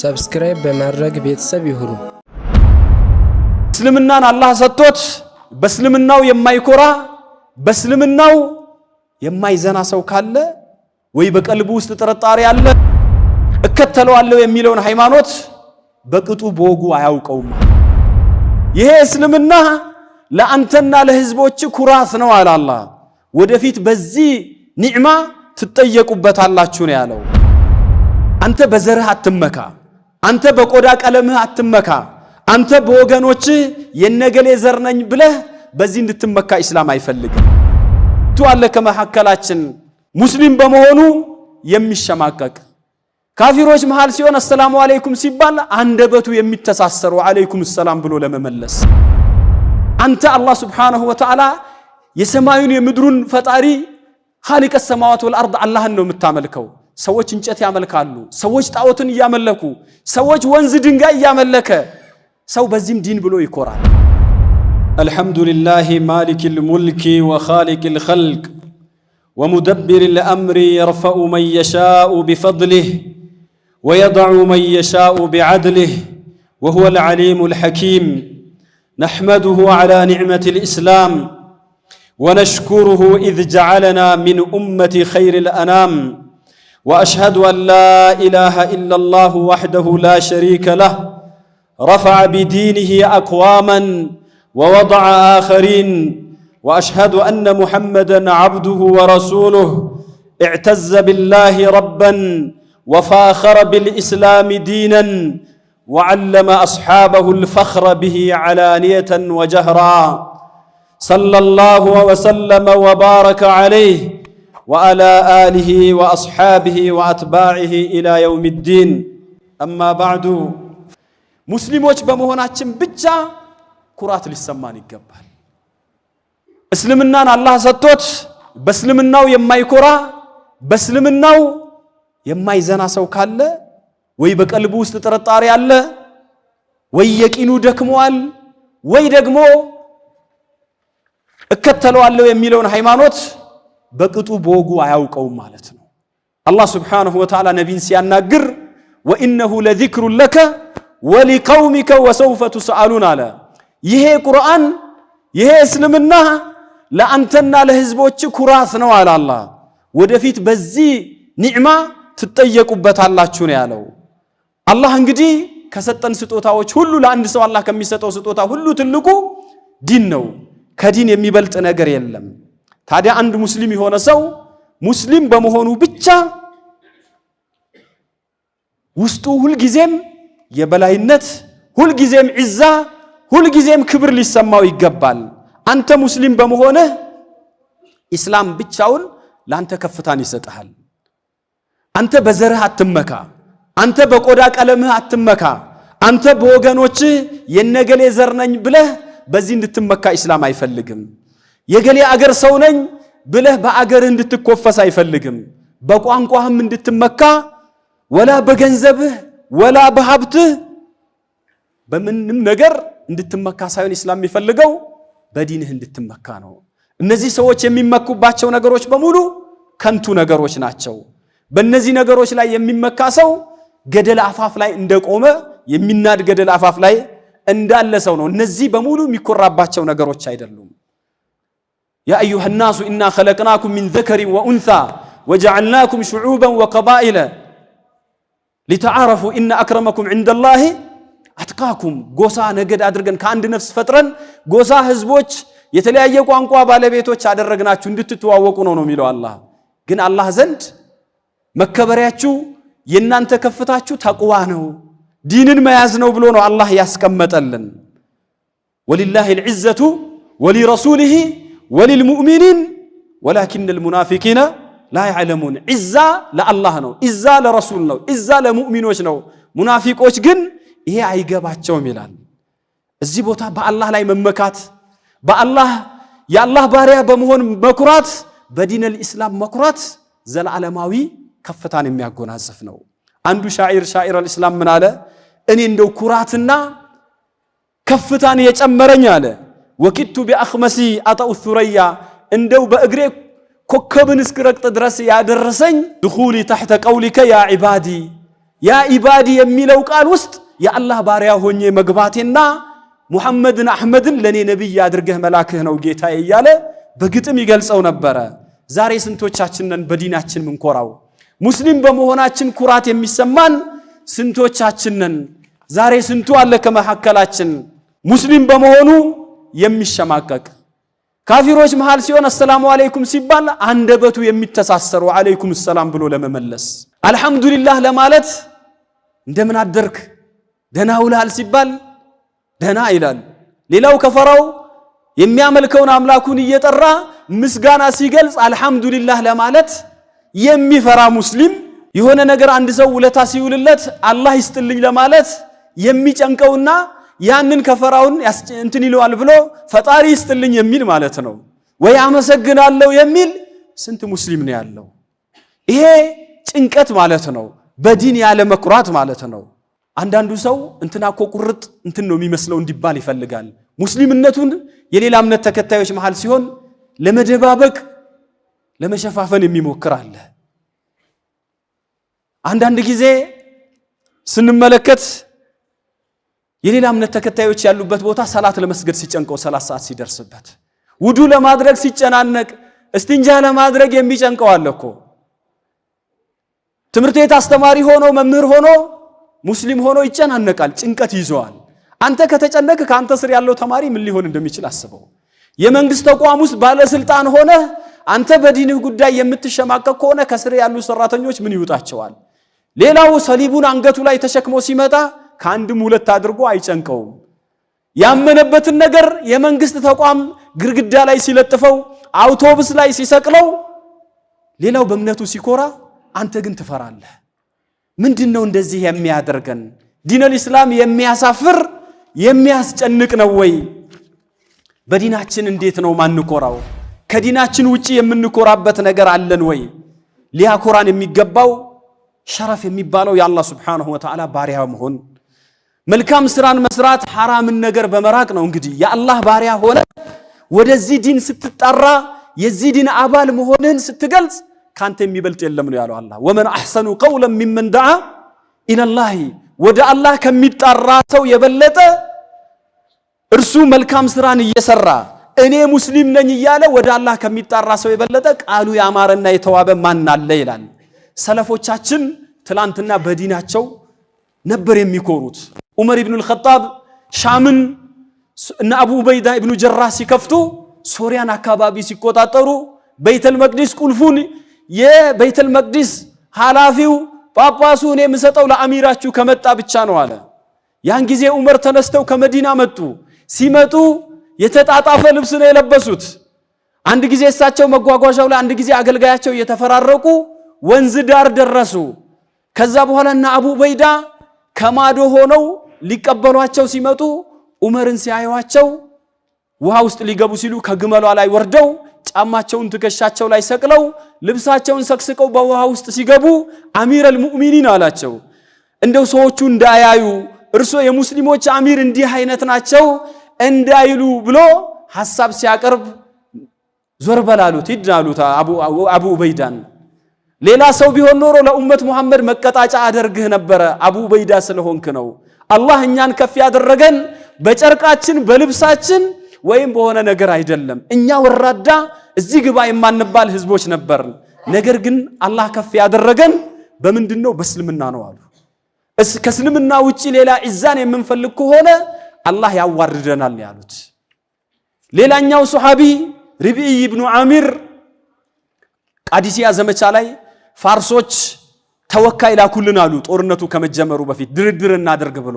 ሰብስክራይብ በማድረግ ቤተሰብ ይሁኑ። እስልምናን አላህ ሰጥቶት በእስልምናው የማይኮራ በእስልምናው የማይዘና ሰው ካለ ወይ በቀልቡ ውስጥ ጥርጣሬ አለ እከተለዋለሁ የሚለውን ሃይማኖት በቅጡ በወጉ አያውቀውም። ይሄ እስልምና ለአንተና ለህዝቦች ኩራት ነው አለ ወደፊት በዚህ ኒዕማ ትጠየቁበታላችሁ ነው ያለው። አንተ በዘርህ አትመካ፣ አንተ በቆዳ ቀለምህ አትመካ፣ አንተ በወገኖችህ የነገሌ ዘር ነኝ ብለህ በዚህ እንድትመካ ኢስላም አይፈልግም። ቱ አለ ከመካከላችን ሙስሊም በመሆኑ የሚሸማቀቅ ካፊሮች መሃል ሲሆን አሰላሙ አለይኩም ሲባል አንደበቱ የሚተሳሰሩ አለይኩም ሰላም ብሎ ለመመለስ አንተ አላህ ሱብሓነሁ ወተዓላ የሰማዩን የምድሩን ፈጣሪ ኻሊቀ ሰማዋት ወልአርድ አላህን ነው የምታመልከው። ሰዎች እንጨት ያመልካሉ። ሰዎች ጣዖትን እያመለኩ፣ ሰዎች ወንዝ ድንጋይ እያመለከ፣ ሰው በዚህም ዲን ብሎ الحمد لله مالك الملك وخالق الخلق ومدبر الأمر يرفع من يشاء بفضله ويضع من يشاء بعدله وهو العليم الحكيم نحمده على نعمة الإسلام ونشكره إذ جعلنا من أمة خير الأنام وأشهد أن لا إله إلا الله وحده لا شريك له رفع بدينه أقواما ووضع آخرين وأشهد أن محمدا عبده ورسوله اعتز بالله ربا وفاخر بالإسلام دينا وعلم أصحابه الفخر به علانية وجهرا ሰለላሁ ወሰለመ ወባረከ ዓለይህ ወዓላ አሊሂ ወአስሓቢሂ ወአትባዒሂ ኢላ የውም ዲን። አማ ባዕዱ ሙስሊሞች በመሆናችን ብቻ ኩራት ሊሰማን ይገባል። እስልምናን አላህ ሰጥቶት በእስልምናው የማይኮራ በእስልምናው የማይዘና ሰው ካለ ወይ በቀልቡ ውስጥ ጥርጣሬ አለ፣ ወይ የቂኑ ደክሟል፣ ወይ ደግሞ እከተለዋለሁ የሚለውን ሃይማኖት በቅጡ በወጉ አያውቀውም ማለት ነው። አላህ ስብሓንሁ ወተዓላ ነቢን ሲያናግር ወኢነሁ ለዚክሩን ለከ ወሊቀውሚከ ወሰውፈ ቱስአሉን አለ። ይሄ ቁርአን ይሄ እስልምና ለአንተና ለህዝቦች ኩራት ነው አለ አላ። ወደፊት በዚህ ኒዕማ ትጠየቁበታላችሁ ነው ያለው። አላህ እንግዲህ ከሰጠን ስጦታዎች ሁሉ ለአንድ ሰው አላህ ከሚሰጠው ስጦታ ሁሉ ትልቁ ዲን ነው። ከዲን የሚበልጥ ነገር የለም። ታዲያ አንድ ሙስሊም የሆነ ሰው ሙስሊም በመሆኑ ብቻ ውስጡ ሁልጊዜም የበላይነት፣ ሁልጊዜም ዒዛ፣ ሁልጊዜም ክብር ሊሰማው ይገባል። አንተ ሙስሊም በመሆንህ ኢስላም ብቻውን ለአንተ ከፍታን ይሰጥሃል። አንተ በዘርህ አትመካ፣ አንተ በቆዳ ቀለምህ አትመካ፣ አንተ በወገኖችህ የነገሌ ዘር ነኝ ብለህ በዚህ እንድትመካ ኢስላም አይፈልግም። የገሌ አገር ሰው ነኝ ብለህ በአገርህ እንድትኮፈስ አይፈልግም። በቋንቋህም እንድትመካ ወላ በገንዘብህ ወላ በሀብትህ በምንም ነገር እንድትመካ ሳይሆን ኢስላም የሚፈልገው በዲንህ እንድትመካ ነው። እነዚህ ሰዎች የሚመኩባቸው ነገሮች በሙሉ ከንቱ ነገሮች ናቸው። በእነዚህ ነገሮች ላይ የሚመካ ሰው ገደል አፋፍ ላይ እንደቆመ የሚናድ ገደል አፋፍ ላይ እንዳለ ሰው ነው። እነዚህ በሙሉ የሚኮራባቸው ነገሮች አይደሉም። ያ አዩሃ ናሱ ኢና ኸለቅናኩም ሚን ዘከሪን ወኡንሳ ወጀዐልናኩም ሽዑበን ወቀባኢለ ሊተዓረፉ ኢነ አክረመኩም ዐንደላሂ አትቃኩም። ጎሳ ነገድ አድርገን ከአንድ ነፍስ ፈጥረን ጎሳ ህዝቦች፣ የተለያየ ቋንቋ ባለቤቶች አደረግናችሁ እንድትተዋወቁ ነው ነው የሚለው አላህ። ግን አላህ ዘንድ መከበሪያችሁ የእናንተ ከፍታችሁ ተቅዋ ነው። ዲንን መያዝ ነው ብሎ ነው አላህ ያስቀመጠልን። ወሊላህ ልዕዘቱ ወሊረሱሊህ ወሊልሙእሚኒን ወላኪን ልሙናፊቂነ ላ ያዕለሙን። ዒዛ ለአላህ ነው፣ ዒዛ ለረሱል ነው፣ ዒዛ ለሙእሚኖች ነው። ሙናፊቆች ግን ይሄ አይገባቸውም ይላል። እዚህ ቦታ በአላህ ላይ መመካት፣ በአላህ የአላህ ባሪያ በመሆን መኩራት፣ በዲን ልኢስላም መኩራት ዘለዓለማዊ ከፍታን የሚያጎናጽፍ ነው። አንዱ ሻዒር ሻዒር አልኢስላም ምን አለ? እኔ እንደው ኩራትና ከፍታን የጨመረኝ አለ ወኪቱ ቢአክመሲ አጣው ሱረያ እንደው በእግሬ ኮከብን እስክረቅጥ ድረስ ያደረሰኝ ድኹሊ ታሕተ ቀውሊከ ያ ዒባዲ ያ ዒባዲ የሚለው ቃል ውስጥ የአላህ ባሪያ ሆኜ መግባቴና ሙሐመድን አሕመድን ለእኔ ነቢይ አድርገህ መላክህ ነው ጌታዬ እያለ በግጥም ይገልጸው ነበረ። ዛሬ ስንቶቻችንን በዲናችን ምንኮራው ሙስሊም በመሆናችን ኩራት የሚሰማን ስንቶቻችንን ዛሬ ስንቱ አለ ከመካከላችን ሙስሊም በመሆኑ የሚሸማቀቅ ካፊሮች መሃል ሲሆን አሰላሙ አለይኩም ሲባል አንደበቱ የሚተሳሰሩ አለይኩም ሰላም ብሎ ለመመለስ አልሐምዱሊላህ ለማለት እንደምን አደርክ ደህና ውልሃል ሲባል ደና ይላል። ሌላው ከፈራው የሚያመልከውን አምላኩን እየጠራ ምስጋና ሲገልጽ አልሐምዱሊላህ ለማለት የሚፈራ ሙስሊም የሆነ ነገር አንድ ሰው ውለታ ሲውልለት አላህ ይስጥልኝ ለማለት የሚጨንቀውና ያንን ከፈራውን እንትን ይለዋል ብሎ ፈጣሪ ይስጥልኝ የሚል ማለት ነው፣ ወይ አመሰግናለሁ የሚል ስንት ሙስሊም ነው ያለው? ይሄ ጭንቀት ማለት ነው፣ በዲን ያለ መኩራት ማለት ነው። አንዳንዱ ሰው እንትና እኮ ቁርጥ እንትን ነው የሚመስለው እንዲባል ይፈልጋል። ሙስሊምነቱን የሌላ እምነት ተከታዮች መሃል ሲሆን ለመደባበቅ ለመሸፋፈን የሚሞክር አለ። አንዳንድ ጊዜ ስንመለከት የሌላ እምነት ተከታዮች ያሉበት ቦታ ሰላት ለመስገድ ሲጨንቀው ሰላት ሰዓት ሲደርስበት ውዱ ለማድረግ ሲጨናነቅ እስቲንጃ ለማድረግ የሚጨንቀው አለ እኮ። ትምህርት ቤት አስተማሪ ሆኖ መምህር ሆኖ ሙስሊም ሆኖ ይጨናነቃል፣ ጭንቀት ይዘዋል። አንተ ከተጨነቅ ከአንተ ስር ያለው ተማሪ ምን ሊሆን እንደሚችል አስበው። የመንግስት ተቋም ውስጥ ባለስልጣን ሆነ አንተ በዲንህ ጉዳይ የምትሸማቀቅ ከሆነ ከስር ያሉ ሰራተኞች ምን ይውጣቸዋል? ሌላው ሰሊቡን አንገቱ ላይ ተሸክሞ ሲመጣ ከአንድም ሁለት አድርጎ አይጨንቀውም። ያመነበትን ነገር የመንግስት ተቋም ግድግዳ ላይ ሲለጥፈው፣ አውቶቡስ ላይ ሲሰቅለው፣ ሌላው በእምነቱ ሲኮራ፣ አንተ ግን ትፈራለህ። ምንድን ነው እንደዚህ የሚያደርገን? ዲነል ኢስላም የሚያሳፍር የሚያስጨንቅ ነው ወይ? በዲናችን እንዴት ነው ማንኮራው? ከዲናችን ውጪ የምንኮራበት ነገር አለን ወይ? ሊያኮራን የሚገባው ሸረፍ የሚባለው የአላህ ሱብሓነሁ ወተዓላ ባሪያ መሆን መልካም ስራን መስራት ሐራምን ነገር በመራቅ ነው። እንግዲህ የአላህ ባሪያ ሆነ ወደዚህ ዲን ስትጠራ የዚህ ዲን አባል መሆንህን ስትገልጽ ካንተ የሚበልጥ የለም ነው ያለው አላህ። ወመን አሕሰኑ ቀውለን ሚመን ደዓ ኢለላሂ ወደ አላህ ከሚጠራ ሰው የበለጠ እርሱ መልካም ስራን እየሰራ እኔ ሙስሊም ነኝ እያለ ወደ አላህ ከሚጠራ ሰው የበለጠ ቃሉ ያማረና የተዋበ ማን አለ ይላል። ሰለፎቻችን ትላንትና በዲናቸው ነበር የሚኮሩት። ዑመር ኢብኑ አልኸጣብ ሻምን እና አቡ ዑበይዳ ኢብኑ ጀራህ ሲከፍቱ ሶሪያን አካባቢ ሲቆጣጠሩ በይተል መቅዲስ ቁልፉን የቤይተል መቅዲስ ኃላፊው ጳጳሱ እኔ የምሰጠው ለአሚራችሁ ከመጣ ብቻ ነው አለ። ያን ጊዜ ዑመር ተነስተው ከመዲና መጡ። ሲመጡ የተጣጣፈ ልብስ ነው የለበሱት። አንድ ጊዜ እሳቸው መጓጓዣው ላይ፣ አንድ ጊዜ አገልጋያቸው እየተፈራረቁ ወንዝ ዳር ደረሱ። ከዛ በኋላ እና አቡ ዑበይዳ ከማዶ ሆነው ሊቀበሏቸው ሲመጡ ዑመርን ሲያዩዋቸው ውሃ ውስጥ ሊገቡ ሲሉ ከግመሏ ላይ ወርደው ጫማቸውን ትከሻቸው ላይ ሰቅለው ልብሳቸውን ሰቅስቀው በውሃ ውስጥ ሲገቡ አሚር አልሙእሚኒን አላቸው። እንደው ሰዎቹ እንዳያዩ እርሶ የሙስሊሞች አሚር እንዲህ አይነት ናቸው እንዳይሉ ብሎ ሐሳብ ሲያቀርብ ዞር በላሉት ሂድ አሉት አቡ ኡበይዳን። ሌላ ሰው ቢሆን ኖሮ ለኡመት ሙሐመድ መቀጣጫ አደርግህ ነበረ አቡ ዑበይዳ ስለሆንክ ነው አላህ እኛን ከፍ ያደረገን በጨርቃችን በልብሳችን ወይም በሆነ ነገር አይደለም። እኛ ወራዳ እዚህ ግባ የማንባል ህዝቦች ነበር። ነገር ግን አላህ ከፍ ያደረገን በምንድን ነው? በእስልምና ነው አሉ። ከእስልምና ውጪ ሌላ ኢዛን የምንፈልግ ከሆነ አላህ ያዋርደናል ያሉት። ሌላኛው ሱሐቢ ሪብዒ ብኑ ዓሚር ቃዲሲያ ዘመቻ ላይ ፋርሶች ተወካይ ላኩልን አሉ። ጦርነቱ ከመጀመሩ በፊት ድርድር እናደርግ ብሎ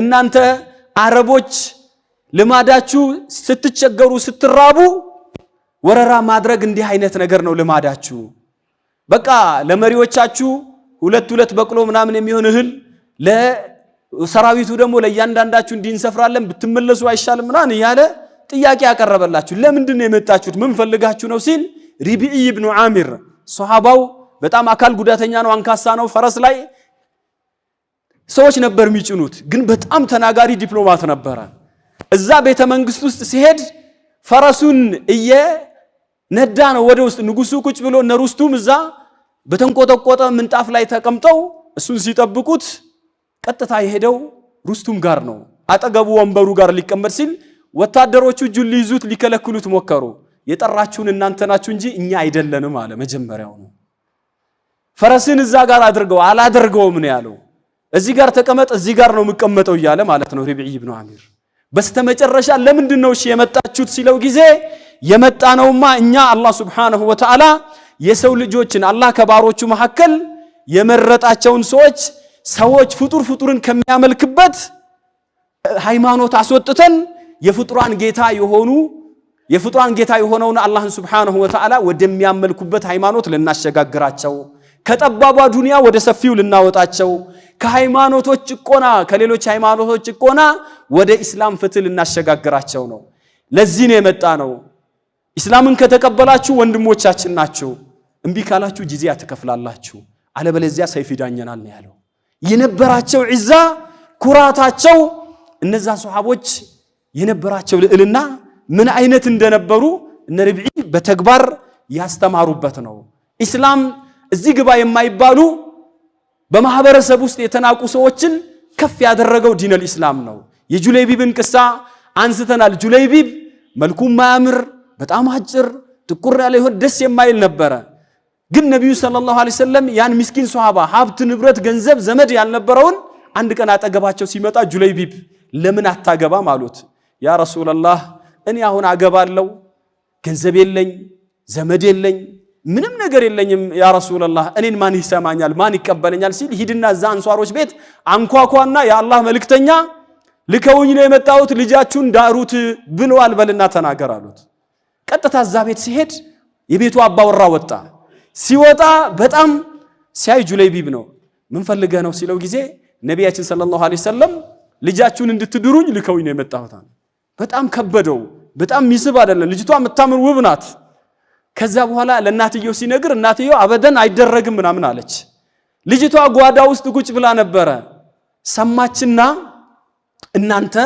እናንተ አረቦች ልማዳችሁ ስትቸገሩ ስትራቡ ወረራ ማድረግ እንዲህ አይነት ነገር ነው ልማዳችሁ። በቃ ለመሪዎቻችሁ ሁለት ሁለት በቅሎ ምናምን የሚሆን እህል ለሰራዊቱ ደግሞ ለእያንዳንዳችሁ እንዲንሰፍራለን ብትመለሱ አይሻልም ምናምን እያለ ጥያቄ ያቀረበላችሁ። ለምንድን ነው የመጣችሁት? ምን ፈልጋችሁ ነው ሲል ሪቢዒ ብኑ ዓሚር ሶሃባው በጣም አካል ጉዳተኛ ነው፣ አንካሳ ነው። ፈረስ ላይ ሰዎች ነበር የሚጭኑት። ግን በጣም ተናጋሪ ዲፕሎማት ነበረ። እዛ ቤተ መንግስት ውስጥ ሲሄድ ፈረሱን እየነዳ ነው ወደ ውስጥ። ንጉሱ ቁጭ ብሎ እነ ሩስቱም እዛ በተንቆጠቆጠ ምንጣፍ ላይ ተቀምጠው እሱን ሲጠብቁት ቀጥታ የሄደው ሩስቱም ጋር ነው። አጠገቡ ወንበሩ ጋር ሊቀመጥ ሲል ወታደሮቹ እጁን ሊይዙት ሊከለክሉት ሞከሩ። የጠራችሁን እናንተ ናችሁ እንጂ እኛ አይደለንም አለ መጀመሪያው ነው። ፈረስን እዛ ጋር አድርገው አላደርገውም ነው ያለው። እዚህ ጋር ተቀመጥ፣ እዚህ ጋር ነው የምቀመጠው እያለ ማለት ነው ሪብዒ ኢብኑ አሚር። በስተመጨረሻ ለምንድን ነው እሺ የመጣችሁት ሲለው ጊዜ የመጣ ነውማ እኛ አላህ ሱብሓነሁ ወተዓላ የሰው ልጆችን አላህ ከባሮቹ መካከል የመረጣቸውን ሰዎች ሰዎች ፍጡር ፍጡርን ከሚያመልክበት ሃይማኖት አስወጥተን የፍጡራን ጌታ የሆኑ የፍጡራን ጌታ የሆነውን አላህን ሱብሓነሁ ወተዓላ ወደሚያመልኩበት ሃይማኖት ልናሸጋግራቸው ከጠባቧ ዱንያ ወደ ሰፊው ልናወጣቸው፣ ከሃይማኖቶች ጭቆና ከሌሎች ሃይማኖቶች ጭቆና ወደ ኢስላም ፍትህ ልናሸጋግራቸው ነው። ለዚህ ነው የመጣ ነው። ኢስላምን ከተቀበላችሁ ወንድሞቻችን ናችሁ፣ እምቢ ካላችሁ ጂዚያ ትከፍላላችሁ፣ አለበለዚያ ሰይፍ ይዳኘናል ነው ያለው። የነበራቸው ዒዛ ኩራታቸው፣ እነዛ ሰሓቦች የነበራቸው ልዕልና ምን አይነት እንደነበሩ እነ ርብዒ በተግባር ያስተማሩበት ነው ኢስላም እዚህ ግባ የማይባሉ በማህበረሰብ ውስጥ የተናቁ ሰዎችን ከፍ ያደረገው ዲነል ኢስላም ነው። የጁለይቢብን ቅሳ አንስተናል። ጁለይቢብ መልኩ ማያምር በጣም አጭር ጥቁር ያለ ይሆን ደስ የማይል ነበረ። ግን ነቢዩ ሰለላሁ ዐለይሂ ወሰለም ያን ምስኪን ሶሃባ ሀብት፣ ንብረት፣ ገንዘብ፣ ዘመድ ያልነበረውን አንድ ቀን አጠገባቸው ሲመጣ ጁለይቢብ ለምን አታገባም አሉት። ያ ረሱለላህ እኔ አሁን አገባለሁ፣ ገንዘብ የለኝ፣ ዘመድ የለኝ ምንም ነገር የለኝም ያ ረሱላላህ፣ እኔን ማን ይሰማኛል? ማን ይቀበለኛል? ሲል ሂድና እዛ አንሷሮች ቤት አንኳኳና የአላህ መልክተኛ ልከውኝ ነው የመጣሁት ልጃችሁን ዳሩት ብለዋል፣ በልና ተናገር አሉት። ቀጥታ እዛ ቤት ሲሄድ የቤቱ አባወራ ወጣ። ሲወጣ በጣም ሲያይ ጁለይቢብ ነው። ምን ፈልገህ ነው ሲለው ጊዜ ነቢያችን ሰለላሁ ዐለይሂ ወሰለም ልጃችሁን እንድትድሩኝ ልከውኝ ነው የመጣሁት። በጣም ከበደው። በጣም ሚስብ አይደለም ልጅቷ የምታምር ውብ ናት። ከዛ በኋላ ለእናትየው ሲነግር እናትየው አበደን አይደረግም ምናምን አለች። ልጅቷ ጓዳ ውስጥ ቁጭ ብላ ነበረ። ሰማችና እናንተ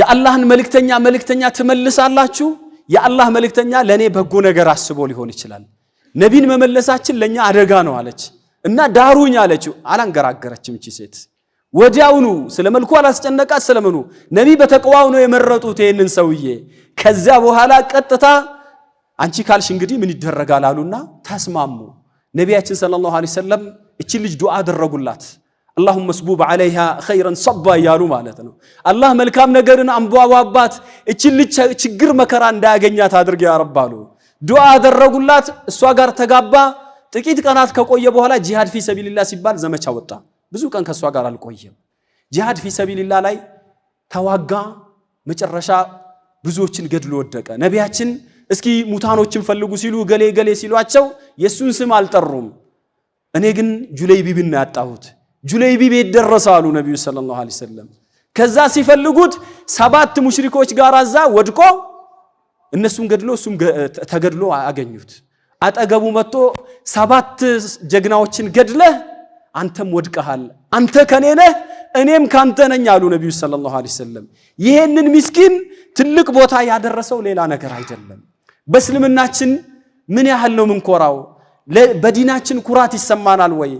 የአላህን መልእክተኛ መልእክተኛ ትመልሳላችሁ። የአላህ መልእክተኛ ለእኔ በጎ ነገር አስቦ ሊሆን ይችላል። ነቢን መመለሳችን ለእኛ አደጋ ነው አለች እና ዳሩኝ አለችው። አላንገራገረችም እቺ ሴት ወዲያውኑ ስለ መልኩ አላስጨነቃት ስለምኑ ነቢ በተቅዋው ነው የመረጡት ይህንን ሰውዬ ከዚያ በኋላ ቀጥታ አንቺ ካልሽ እንግዲህ ምን ይደረጋል አሉና ተስማሙ። ነቢያችን ሰለላሁ ዐለይሂ ወሰለም እቺ ልጅ ዱዓ አደረጉላት። አላሁም መስቡብ ዐለይሃ ኸይረን ሰባ እያሉ ማለት ነው። አላህ መልካም ነገርን አንቧቧባት፣ እቺ ልጅ ችግር መከራ እንዳያገኛት አድርግ ያረብ አሉ። ዱዓ አደረጉላት። እሷ ጋር ተጋባ። ጥቂት ቀናት ከቆየ በኋላ ጂሃድ ፊ ሰቢልላህ ሲባል ዘመቻ ወጣ። ብዙ ቀን ከእሷ ጋር አልቆየም። ጂሃድ ፊ ሰቢልላህ ላይ ተዋጋ። መጨረሻ ብዙዎችን ገድሎ ወደቀ። ነቢያችን እስኪ ሙታኖችን ፈልጉ ሲሉ ገሌ ገሌ ሲሏቸው የእሱን ስም አልጠሩም። እኔ ግን ጁለይቢብን ነው ያጣሁት። ጁለይቢብ የት ደረሰ አሉ ነቢዩ ሰለላሁ ዐለይሂ ወሰለም። ከዛ ሲፈልጉት ሰባት ሙሽሪኮች ጋር እዛ ወድቆ እነሱም ገድሎ እሱም ተገድሎ አገኙት። አጠገቡ መጥቶ ሰባት ጀግናዎችን ገድለህ አንተም ወድቀሃል፣ አንተ ከኔ ነህ፣ እኔም ካንተ ነኝ አሉ ነቢዩ ሰለላሁ ዐለይሂ ወሰለም። ይሄንን ምስኪን ትልቅ ቦታ ያደረሰው ሌላ ነገር አይደለም። በእስልምናችን ምን ያህል ነው ምንኮራው? በዲናችን ኩራት ይሰማናል ወይ?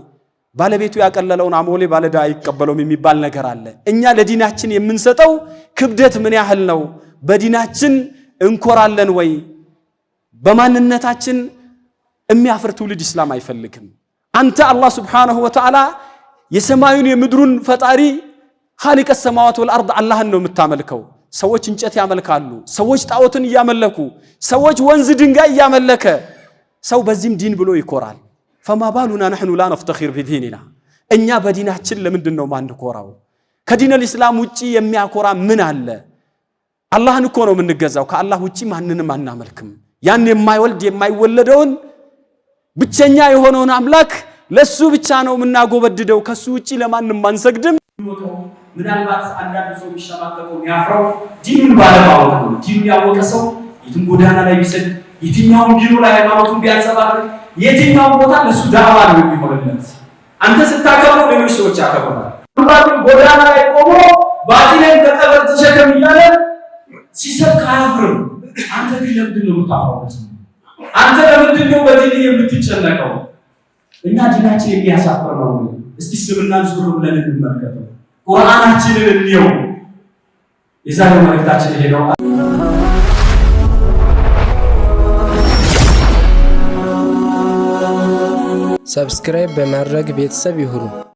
ባለቤቱ ያቀለለውን አሞሌ ባለዳ አይቀበለውም የሚባል ነገር አለ። እኛ ለዲናችን የምንሰጠው ክብደት ምን ያህል ነው? በዲናችን እንኮራለን ወይ? በማንነታችን የሚያፍር ትውልድ ኢስላም አይፈልግም። አንተ አላህ ሱብሓነሁ ወተዓላ የሰማዩን የምድሩን ፈጣሪ ኻሊቀ ሰማዋት ወልአርድ አላህን ነው የምታመልከው። ሰዎች እንጨት ያመልካሉ። ሰዎች ጣዖትን እያመለኩ፣ ሰዎች ወንዝ ድንጋይ እያመለከ ሰው በዚህም ዲን ብሎ ይኮራል። ፈማ ባሉና ነሕኑ ላ ነፍተኺር ቢዲኒና እኛ በዲናችን ለምንድን ነው ማንኮራው? ከዲን ኢስላም ውጪ የሚያኮራ ምን አለ? አላህን እኮ ነው የምንገዛው። ከአላህ ውጪ ማንንም አናመልክም። ያን የማይወልድ የማይወለደውን ብቸኛ የሆነውን አምላክ ለሱ ብቻ ነው የምናጎበድደው። ከሱ ውጪ ለማንም አንሰግድም። ምናልባት አንዳንድ ሰው የሚሸማቀቀው የሚያፍረው ዲኑን ባለማወቅ ነው። ዲኑን ያወቀ ሰው የትም ጎዳና ላይ ቢሰድ፣ የትኛውን ዲኑ ላይ ሃይማኖቱን ቢያንጸባርቅ፣ የትኛውን ቦታ ለሱ ዳዕዋ ነው የሚሆንለት። አንተ ስታከብረው ሌሎች ሰዎች ያከብራል። ምናልባት ጎዳና ላይ ቆሞ ባቲላይ ከቀበር ተሸከም እያለ ሲሰብክ አያፍርም። አንተ ግን ለምንድን ነው የምታፍረው? አንተ ለምንድን ነው በዲን የምትጨነቀው? እና ዲናችን የሚያሳፍር ነው። እስቲ እስልምናን ዙር ብለን እንመልከተው። ቁርአናችንን እንየው። የዛሬው መልእክታችን ይሄ ነው። ሰብስክራይብ በማድረግ ቤተሰብ ይሁኑ።